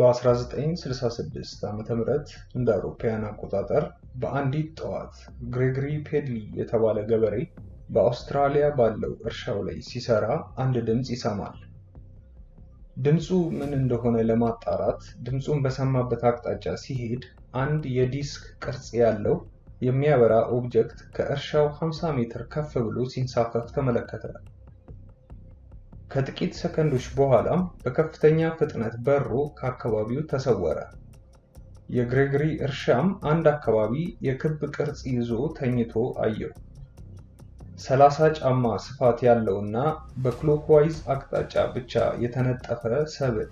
በ1966 ዓ.ም እንደ አውሮፓውያን አቆጣጠር በአንዲት ጠዋት ግሬጎሪ ፔድሊ የተባለ ገበሬ በአውስትራሊያ ባለው እርሻው ላይ ሲሰራ አንድ ድምፅ ይሰማል። ድምፁ ምን እንደሆነ ለማጣራት ድምፁን በሰማበት አቅጣጫ ሲሄድ አንድ የዲስክ ቅርጽ ያለው የሚያበራ ኦብጀክት ከእርሻው 50 ሜትር ከፍ ብሎ ሲንሳፈፍ ተመለከተ። ከጥቂት ሰከንዶች በኋላም በከፍተኛ ፍጥነት በሮ ከአካባቢው ተሰወረ። የግሬጎሪ እርሻም አንድ አካባቢ የክብ ቅርጽ ይዞ ተኝቶ አየው። ሰላሳ ጫማ ስፋት ያለውና በክሎክዋይዝ አቅጣጫ ብቻ የተነጠፈ ሰብል።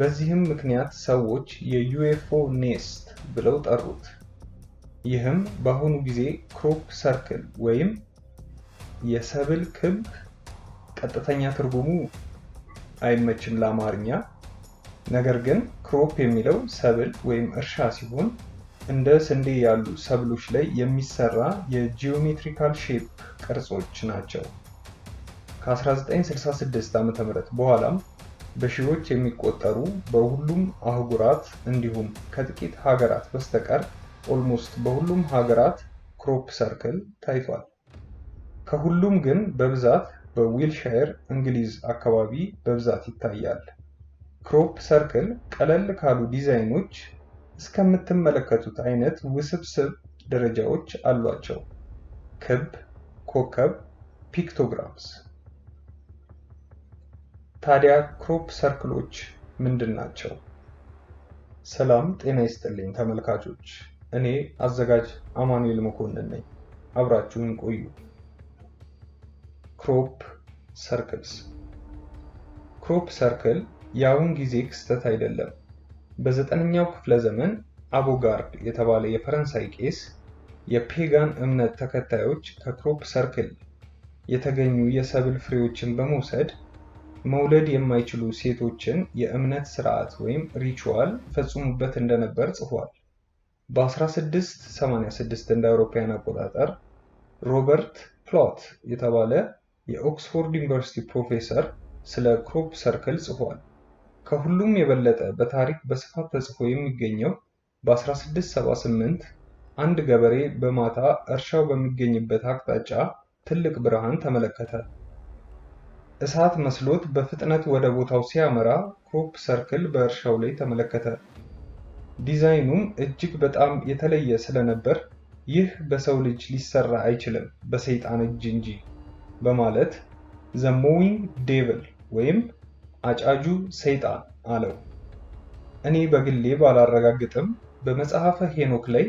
በዚህም ምክንያት ሰዎች የዩኤፍኦ ኔስት ብለው ጠሩት። ይህም በአሁኑ ጊዜ ክሮፕ ሰርክል ወይም የሰብል ክብ ቀጥተኛ ትርጉሙ አይመችም ለአማርኛ። ነገር ግን ክሮፕ የሚለው ሰብል ወይም እርሻ ሲሆን እንደ ስንዴ ያሉ ሰብሎች ላይ የሚሰራ የጂኦሜትሪካል ሼፕ ቅርጾች ናቸው። ከ1966 ዓ ም በኋላም በሺዎች የሚቆጠሩ በሁሉም አህጉራት እንዲሁም ከጥቂት ሀገራት በስተቀር ኦልሞስት በሁሉም ሀገራት ክሮፕ ሰርክል ታይቷል። ከሁሉም ግን በብዛት በዊልሻየር እንግሊዝ አካባቢ በብዛት ይታያል። ክሮፕ ሰርክል ቀለል ካሉ ዲዛይኖች እስከምትመለከቱት አይነት ውስብስብ ደረጃዎች አሏቸው። ክብ፣ ኮከብ፣ ፒክቶግራምስ። ታዲያ ክሮፕ ሰርክሎች ምንድን ናቸው? ሰላም ጤና ይስጥልኝ ተመልካቾች፣ እኔ አዘጋጅ አማኑኤል መኮንን ነኝ። አብራችሁን ቆዩ። ክሮፕ ሰርክልስ ክሮፕ ሰርክል የአሁን ጊዜ ክስተት አይደለም። በዘጠነኛው ክፍለ ዘመን አቦጋርድ የተባለ የፈረንሳይ ቄስ የፔጋን እምነት ተከታዮች ከክሮፕ ሰርክል የተገኙ የሰብል ፍሬዎችን በመውሰድ መውለድ የማይችሉ ሴቶችን የእምነት ስርዓት ወይም ሪቹዋል ፈጽሙበት እንደነበር ጽፏል። በ1686 እንደ አውሮፓውያን አቆጣጠር ሮበርት ፕሎት የተባለ የኦክስፎርድ ዩኒቨርሲቲ ፕሮፌሰር ስለ ክሮፕ ሰርክል ጽፏል። ከሁሉም የበለጠ በታሪክ በስፋት ተጽፎ የሚገኘው በ1678 አንድ ገበሬ በማታ እርሻው በሚገኝበት አቅጣጫ ትልቅ ብርሃን ተመለከተ። እሳት መስሎት በፍጥነት ወደ ቦታው ሲያመራ ክሮፕ ሰርክል በእርሻው ላይ ተመለከተ። ዲዛይኑም እጅግ በጣም የተለየ ስለነበር ይህ በሰው ልጅ ሊሰራ አይችልም፣ በሰይጣን እጅ እንጂ በማለት ዘ ሞዊንግ ዴቭል ወይም አጫጁ ሰይጣን አለው። እኔ በግሌ ባላረጋግጥም በመጽሐፈ ሄኖክ ላይ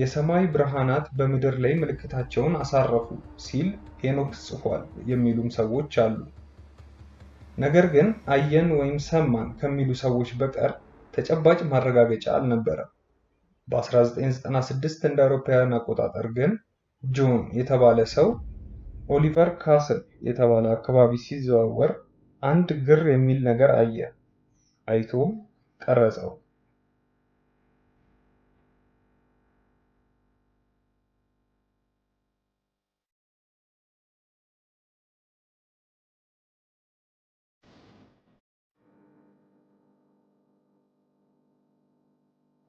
የሰማይ ብርሃናት በምድር ላይ ምልክታቸውን አሳረፉ ሲል ሄኖክ ጽፏል የሚሉም ሰዎች አሉ። ነገር ግን አየን ወይም ሰማን ከሚሉ ሰዎች በቀር ተጨባጭ ማረጋገጫ አልነበረም። በ1996 እንደ አውሮፓውያን አቆጣጠር ግን ጆን የተባለ ሰው ኦሊቨር ካስል የተባለ አካባቢ ሲዘዋወር አንድ ግር የሚል ነገር አየ። አይቶም ቀረጸው።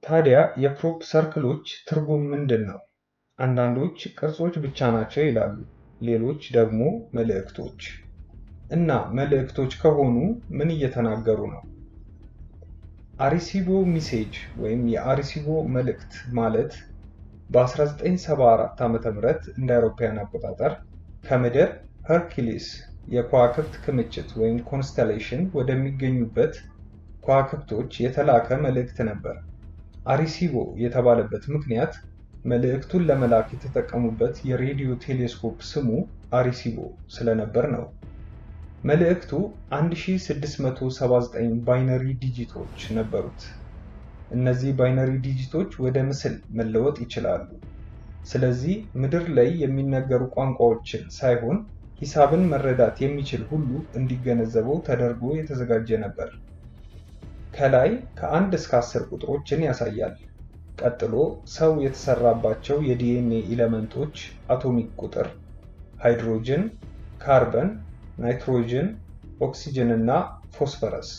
ታዲያ የፕሮፕ ሰርክሎች ትርጉም ምንድን ነው? አንዳንዶች ቅርጾች ብቻ ናቸው ይላሉ። ሌሎች ደግሞ መልእክቶች። እና መልእክቶች ከሆኑ ምን እየተናገሩ ነው? አሪሲቦ ሚሴጅ ወይም የአሪሲቦ መልእክት ማለት በ1974 ም እንደ አውሮፓውያን አቆጣጠር ከምድር ሄርኪሊስ የከዋክብት ክምችት ወይም ኮንስተሌሽን ወደሚገኙበት ከዋክብቶች የተላከ መልእክት ነበር። አሪሲቦ የተባለበት ምክንያት መልእክቱን ለመላክ የተጠቀሙበት የሬዲዮ ቴሌስኮፕ ስሙ አሪሲቦ ስለነበር ነው። መልእክቱ 1679 ባይነሪ ዲጂቶች ነበሩት። እነዚህ ባይነሪ ዲጂቶች ወደ ምስል መለወጥ ይችላሉ። ስለዚህ ምድር ላይ የሚነገሩ ቋንቋዎችን ሳይሆን ሂሳብን መረዳት የሚችል ሁሉ እንዲገነዘበው ተደርጎ የተዘጋጀ ነበር። ከላይ ከአንድ እስከ አስር ቁጥሮችን ያሳያል። ቀጥሎ ሰው የተሰራባቸው የዲኤንኤ ኤሌመንቶች አቶሚክ ቁጥር ሃይድሮጅን፣ ካርበን፣ ናይትሮጅን፣ ኦክሲጅን እና ፎስፈረስ።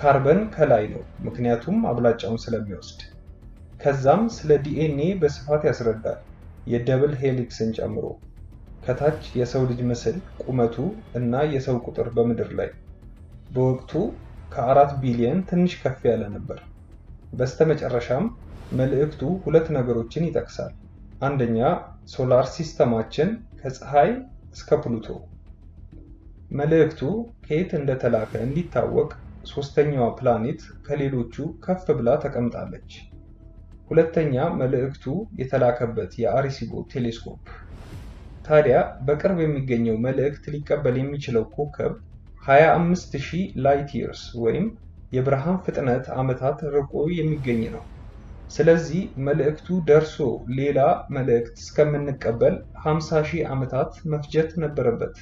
ካርበን ከላይ ነው ምክንያቱም አብላጫውን ስለሚወስድ። ከዛም ስለ ዲኤንኤ በስፋት ያስረዳል የደብል ሄሊክስን ጨምሮ። ከታች የሰው ልጅ ምስል፣ ቁመቱ እና የሰው ቁጥር በምድር ላይ በወቅቱ ከአራት ቢሊየን ትንሽ ከፍ ያለ ነበር። በስተመጨረሻም መልእክቱ ሁለት ነገሮችን ይጠቅሳል። አንደኛ ሶላር ሲስተማችን ከፀሐይ እስከ ፕሉቶ መልእክቱ ከየት እንደተላከ እንዲታወቅ ሶስተኛዋ ፕላኔት ከሌሎቹ ከፍ ብላ ተቀምጣለች። ሁለተኛ መልእክቱ የተላከበት የአሪሲቦ ቴሌስኮፕ። ታዲያ በቅርብ የሚገኘው መልእክት ሊቀበል የሚችለው ኮከብ 25000 ላይት ይርስ ወይም የብርሃን ፍጥነት ዓመታት ርቆ የሚገኝ ነው። ስለዚህ መልእክቱ ደርሶ ሌላ መልእክት እስከምንቀበል 50 ሺህ ዓመታት መፍጀት ነበረበት።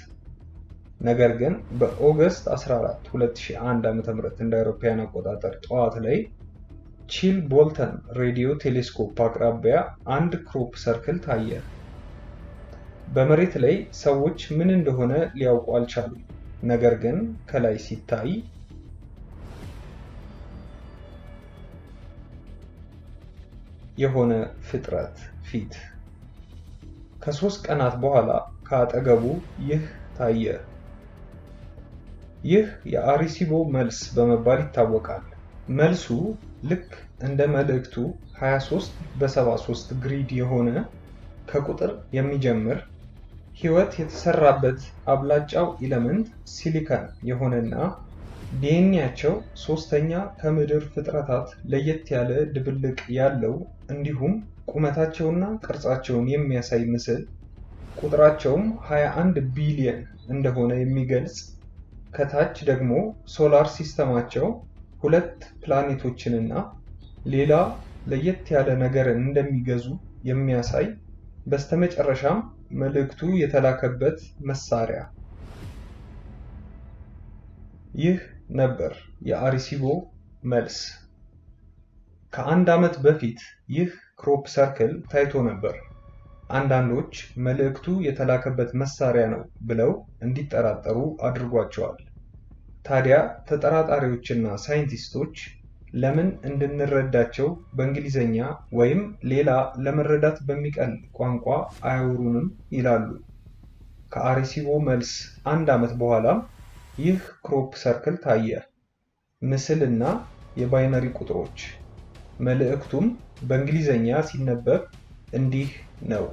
ነገር ግን በኦገስት 14 2001 ዓ.ም እንደ አውሮፓውያን አቆጣጠር ጠዋት ላይ ቺል ቦልተን ሬዲዮ ቴሌስኮፕ አቅራቢያ አንድ ክሮፕ ሰርክል ታየ። በመሬት ላይ ሰዎች ምን እንደሆነ ሊያውቁ አልቻሉም። ነገር ግን ከላይ ሲታይ የሆነ ፍጥረት ፊት። ከሶስት ቀናት በኋላ ከአጠገቡ ይህ ታየ። ይህ የአሪሲቦ መልስ በመባል ይታወቃል። መልሱ ልክ እንደ መልእክቱ 23 በ73 ግሪድ የሆነ ከቁጥር የሚጀምር ህይወት የተሰራበት አብላጫው ኢለመንት ሲሊከን የሆነና ዲኤንኤያቸው ሶስተኛ ከምድር ፍጥረታት ለየት ያለ ድብልቅ ያለው እንዲሁም ቁመታቸውና ቅርጻቸውን የሚያሳይ ምስል ቁጥራቸውም 21 ቢሊየን እንደሆነ የሚገልጽ ከታች ደግሞ ሶላር ሲስተማቸው ሁለት ፕላኔቶችንና ሌላ ለየት ያለ ነገርን እንደሚገዙ የሚያሳይ በስተመጨረሻም መልእክቱ የተላከበት መሳሪያ ይህ ነበር የአሪሲቦ መልስ። ከአንድ ዓመት በፊት ይህ ክሮፕ ሰርክል ታይቶ ነበር። አንዳንዶች መልእክቱ የተላከበት መሳሪያ ነው ብለው እንዲጠራጠሩ አድርጓቸዋል። ታዲያ ተጠራጣሪዎችና ሳይንቲስቶች ለምን እንድንረዳቸው በእንግሊዝኛ ወይም ሌላ ለመረዳት በሚቀል ቋንቋ አያወሩንም ይላሉ። ከአሪሲቦ መልስ አንድ ዓመት በኋላ ይህ ክሮፕ ሰርክል ታየ። ምስል እና የባይነሪ ቁጥሮች። መልእክቱም በእንግሊዘኛ ሲነበብ እንዲህ ነው።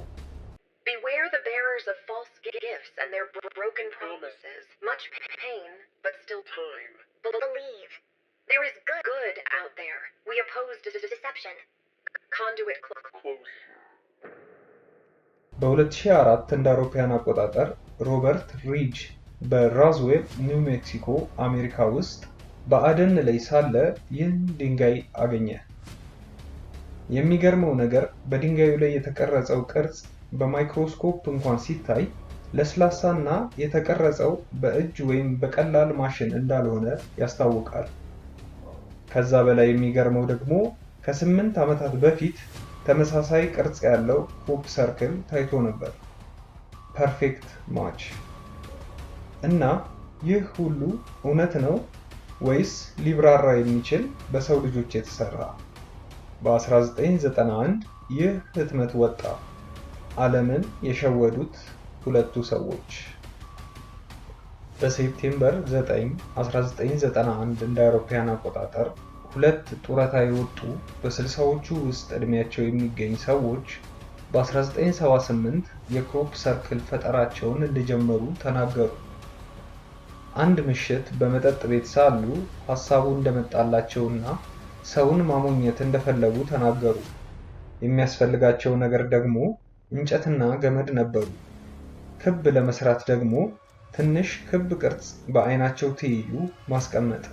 በ2004 እንደ አውሮፓውያን አቆጣጠር ሮበርት ሪጅ በራዝዌል ኒው ሜክሲኮ አሜሪካ ውስጥ በአደን ላይ ሳለ ይህን ድንጋይ አገኘ። የሚገርመው ነገር በድንጋዩ ላይ የተቀረጸው ቅርጽ በማይክሮስኮፕ እንኳን ሲታይ ለስላሳ እና የተቀረጸው በእጅ ወይም በቀላል ማሽን እንዳልሆነ ያስታውቃል። ከዛ በላይ የሚገርመው ደግሞ ከስምንት ዓመታት በፊት ተመሳሳይ ቅርጽ ያለው ሆፕ ሰርክል ታይቶ ነበር። ፐርፌክት ማች እና ይህ ሁሉ እውነት ነው ወይስ ሊብራራ የሚችል በሰው ልጆች የተሰራ? በ1991 ይህ ህትመት ወጣ። ዓለምን የሸወዱት ሁለቱ ሰዎች በሴፕቴምበር 9 1991 እንደ አውሮፓውያን አቆጣጠር ሁለት ጡረታ የወጡ በስልሳዎቹ ውስጥ ዕድሜያቸው የሚገኝ ሰዎች በ1978 የክሮፕ ሰርክል ፈጠራቸውን እንደጀመሩ ተናገሩ። አንድ ምሽት በመጠጥ ቤት ሳሉ ሀሳቡ እንደመጣላቸውና ሰውን ማሞኘት እንደፈለጉ ተናገሩ። የሚያስፈልጋቸው ነገር ደግሞ እንጨትና ገመድ ነበሩ። ክብ ለመስራት ደግሞ ትንሽ ክብ ቅርጽ በአይናቸው ትይዩ ማስቀመጥ።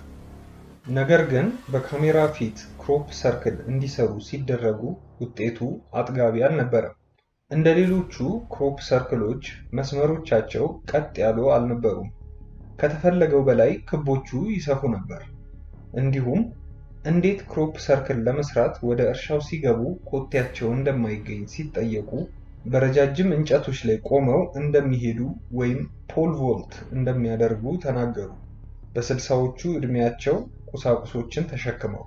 ነገር ግን በካሜራ ፊት ክሮፕ ሰርክል እንዲሰሩ ሲደረጉ ውጤቱ አጥጋቢ አልነበረም። እንደ ሌሎቹ ክሮፕ ሰርክሎች መስመሮቻቸው ቀጥ ያሉ አልነበሩም። ከተፈለገው በላይ ክቦቹ ይሰፉ ነበር። እንዲሁም እንዴት ክሮፕ ሰርክል ለመስራት ወደ እርሻው ሲገቡ ኮቴያቸው እንደማይገኝ ሲጠየቁ በረጃጅም እንጨቶች ላይ ቆመው እንደሚሄዱ ወይም ፖል ቮልት እንደሚያደርጉ ተናገሩ። በስልሳዎቹ ዕድሜያቸው ቁሳቁሶችን ተሸክመው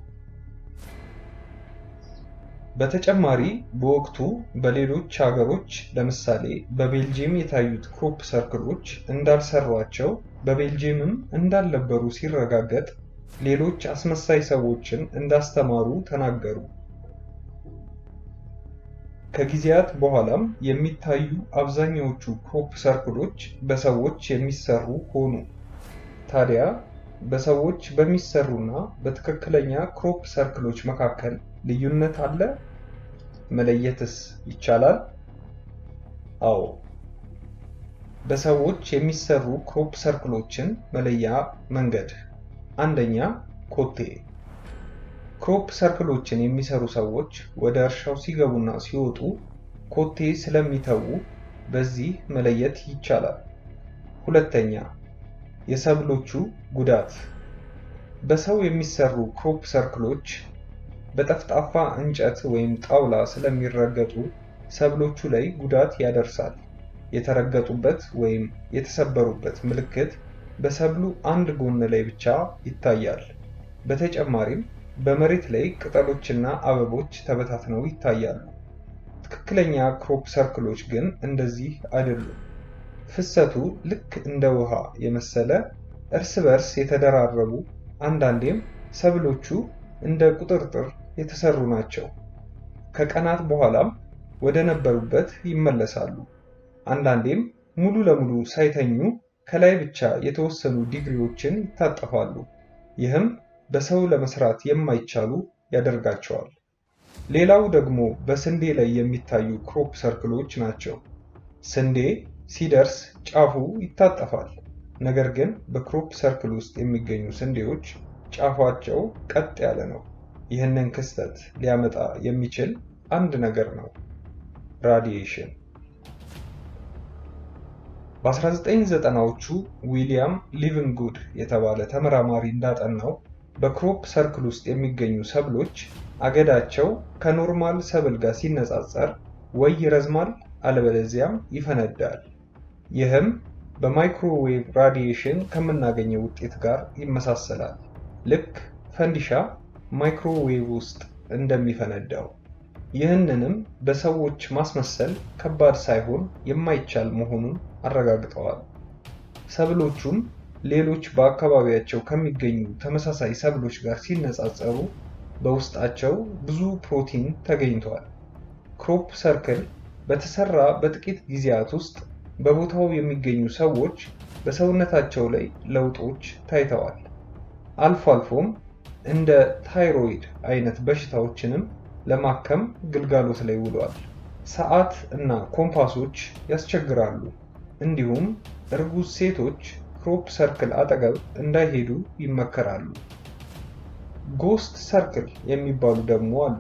በተጨማሪ በወቅቱ በሌሎች ሀገሮች ለምሳሌ በቤልጅየም የታዩት ክሮፕ ሰርክሎች እንዳልሰሯቸው በቤልጅየምም እንዳልነበሩ ሲረጋገጥ ሌሎች አስመሳይ ሰዎችን እንዳስተማሩ ተናገሩ። ከጊዜያት በኋላም የሚታዩ አብዛኛዎቹ ክሮፕ ሰርክሎች በሰዎች የሚሰሩ ሆኑ። ታዲያ በሰዎች በሚሰሩና በትክክለኛ ክሮፕ ሰርክሎች መካከል ልዩነት አለ? መለየትስ ይቻላል? አዎ። በሰዎች የሚሰሩ ክሮፕ ሰርክሎችን መለያ መንገድ አንደኛ ኮቴ ክሮፕ ሰርክሎችን የሚሰሩ ሰዎች ወደ እርሻው ሲገቡና ሲወጡ ኮቴ ስለሚተዉ በዚህ መለየት ይቻላል። ሁለተኛ የሰብሎቹ ጉዳት በሰው የሚሰሩ ክሮፕ ሰርክሎች በጠፍጣፋ እንጨት ወይም ጣውላ ስለሚረገጡ ሰብሎቹ ላይ ጉዳት ያደርሳል። የተረገጡበት ወይም የተሰበሩበት ምልክት በሰብሉ አንድ ጎን ላይ ብቻ ይታያል። በተጨማሪም በመሬት ላይ ቅጠሎችና አበቦች ተበታትነው ይታያሉ። ትክክለኛ ክሮፕ ሰርክሎች ግን እንደዚህ አይደሉም። ፍሰቱ ልክ እንደ ውሃ የመሰለ እርስ በርስ የተደራረቡ አንዳንዴም ሰብሎቹ እንደ ቁጥርጥር የተሰሩ ናቸው። ከቀናት በኋላም ወደ ነበሩበት ይመለሳሉ። አንዳንዴም ሙሉ ለሙሉ ሳይተኙ ከላይ ብቻ የተወሰኑ ዲግሪዎችን ይታጠፋሉ። ይህም በሰው ለመስራት የማይቻሉ ያደርጋቸዋል። ሌላው ደግሞ በስንዴ ላይ የሚታዩ ክሮፕ ሰርክሎች ናቸው። ስንዴ ሲደርስ ጫፉ ይታጠፋል። ነገር ግን በክሮፕ ሰርክል ውስጥ የሚገኙ ስንዴዎች ጫፋቸው ቀጥ ያለ ነው። ይህንን ክስተት ሊያመጣ የሚችል አንድ ነገር ነው፣ ራዲዬሽን በ1990ዎቹ ዊሊያም ሊቪንጉድ የተባለ ተመራማሪ እንዳጠናው በክሮፕ ሰርክል ውስጥ የሚገኙ ሰብሎች አገዳቸው ከኖርማል ሰብል ጋር ሲነጻጸር ወይ ይረዝማል አለበለዚያም ይፈነዳል። ይህም በማይክሮዌቭ ራዲዬሽን ከምናገኘው ውጤት ጋር ይመሳሰላል፣ ልክ ፈንዲሻ ማይክሮዌቭ ውስጥ እንደሚፈነዳው። ይህንንም በሰዎች ማስመሰል ከባድ ሳይሆን የማይቻል መሆኑን አረጋግጠዋል። ሰብሎቹም ሌሎች በአካባቢያቸው ከሚገኙ ተመሳሳይ ሰብሎች ጋር ሲነጻጸሩ በውስጣቸው ብዙ ፕሮቲን ተገኝቷል። ክሮፕ ሰርክል በተሰራ በጥቂት ጊዜያት ውስጥ በቦታው የሚገኙ ሰዎች በሰውነታቸው ላይ ለውጦች ታይተዋል። አልፎ አልፎም እንደ ታይሮይድ አይነት በሽታዎችንም ለማከም ግልጋሎት ላይ ውሏል። ሰዓት እና ኮምፓሶች ያስቸግራሉ። እንዲሁም እርጉዝ ሴቶች ክሮፕ ሰርክል አጠገብ እንዳይሄዱ ይመከራሉ። ጎስት ሰርክል የሚባሉ ደግሞ አሉ።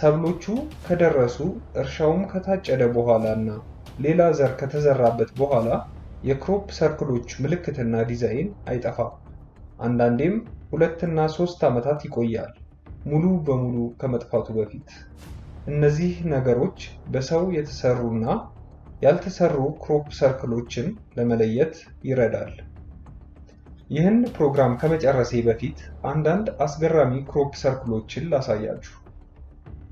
ሰብሎቹ ከደረሱ እርሻውም ከታጨደ በኋላ እና ሌላ ዘር ከተዘራበት በኋላ የክሮፕ ሰርክሎች ምልክትና ዲዛይን አይጠፋም። አንዳንዴም ሁለትና ሶስት ዓመታት ይቆያል። ሙሉ በሙሉ ከመጥፋቱ በፊት እነዚህ ነገሮች በሰው የተሰሩና ያልተሰሩ ክሮፕ ሰርክሎችን ለመለየት ይረዳል። ይህን ፕሮግራም ከመጨረሴ በፊት አንዳንድ አስገራሚ ክሮፕ ሰርክሎችን ላሳያችሁ።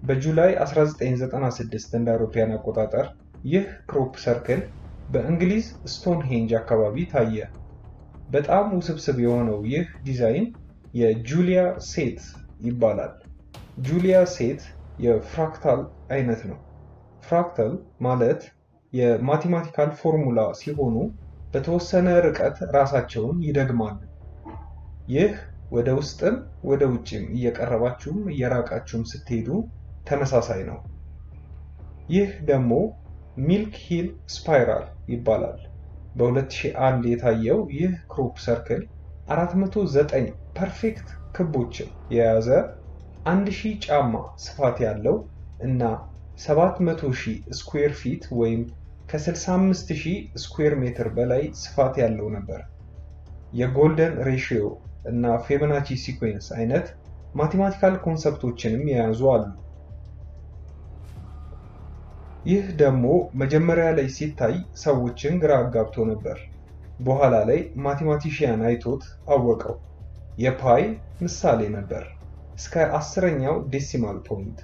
በጁላይ 1996 እንደ አውሮፓውያን አቆጣጠር ይህ ክሮፕ ሰርክል በእንግሊዝ ሄንጅ አካባቢ ታየ። በጣም ውስብስብ የሆነው ይህ ዲዛይን የጁሊያ ሴት ይባላል። ጁሊያ ሴት የፍራክታል አይነት ነው። ፍራክታል ማለት የማቴማቲካል ፎርሙላ ሲሆኑ በተወሰነ ርቀት ራሳቸውን ይደግማሉ። ይህ ወደ ውስጥም ወደ ውጭም እየቀረባችሁም እየራቃችሁም ስትሄዱ ተመሳሳይ ነው። ይህ ደግሞ ሚልክ ሂል ስፓይራል ይባላል። በ2001 የታየው ይህ ክሮፕ ሰርክል 409 ፐርፌክት ክቦችን የያዘ 1000 ጫማ ስፋት ያለው እና 700,000 ስኩዌር ፊት ወይም ከ65,000 ስኩዌር ሜትር በላይ ስፋት ያለው ነበር። የጎልደን ሬሽዮ እና ፌቦናቺ ሲኩዌንስ አይነት ማቴማቲካል ኮንሰፕቶችንም የያዙ አሉ። ይህ ደግሞ መጀመሪያ ላይ ሲታይ ሰዎችን ግራ አጋብቶ ነበር። በኋላ ላይ ማቴማቲሽያን አይቶት አወቀው። የፓይ ምሳሌ ነበር እስከ አስረኛው ዴሲማል ፖይንት።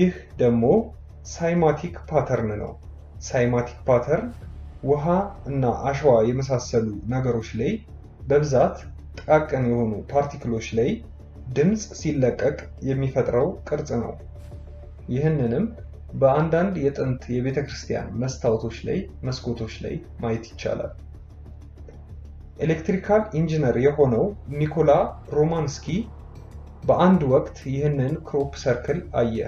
ይህ ደግሞ ሳይማቲክ ፓተርን ነው። ሳይማቲክ ፓተርን ውሃ እና አሸዋ የመሳሰሉ ነገሮች ላይ በብዛት ጥቃቅን የሆኑ ፓርቲክሎች ላይ ድምፅ ሲለቀቅ የሚፈጥረው ቅርጽ ነው። ይህንንም በአንዳንድ የጥንት የቤተ ክርስቲያን መስታወቶች ላይ መስኮቶች ላይ ማየት ይቻላል። ኤሌክትሪካል ኢንጂነር የሆነው ኒኮላ ሮማንስኪ በአንድ ወቅት ይህንን ክሮፕ ሰርክል አየ።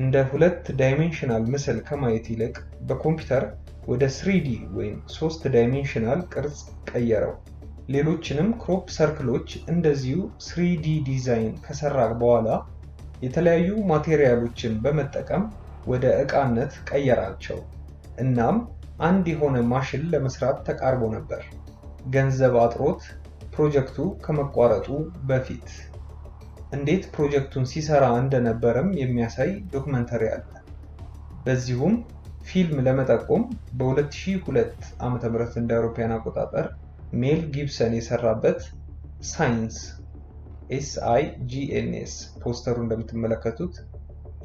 እንደ ሁለት ዳይሜንሽናል ምስል ከማየት ይልቅ በኮምፒውተር ወደ ስሪዲ ወይም ሶስት ዳይሜንሽናል ቅርጽ ቀየረው። ሌሎችንም ክሮፕ ሰርክሎች እንደዚሁ ስሪዲ ዲዛይን ከሰራ በኋላ የተለያዩ ማቴሪያሎችን በመጠቀም ወደ ዕቃነት ቀየራቸው። እናም አንድ የሆነ ማሽን ለመስራት ተቃርቦ ነበር። ገንዘብ አጥሮት ፕሮጀክቱ ከመቋረጡ በፊት እንዴት ፕሮጀክቱን ሲሰራ እንደነበረም የሚያሳይ ዶክመንተሪ አለ። በዚሁም ፊልም ለመጠቆም በ2002 ም እንደ አውሮፓያን አቆጣጠር ሜል ጊብሰን የሰራበት ሳይንስ ኤስ አይ ጂ ኤን ኤስ ፖስተሩ እንደምትመለከቱት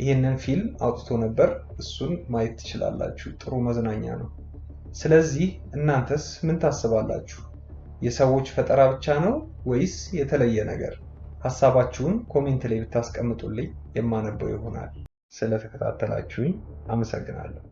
ይህንን ፊልም አውጥቶ ነበር። እሱን ማየት ትችላላችሁ። ጥሩ መዝናኛ ነው። ስለዚህ እናንተስ ምን ታስባላችሁ? የሰዎች ፈጠራ ብቻ ነው ወይስ የተለየ ነገር? ሀሳባችሁን ኮሜንት ላይ ብታስቀምጡልኝ የማነበው ይሆናል። ስለተከታተላችሁኝ አመሰግናለሁ።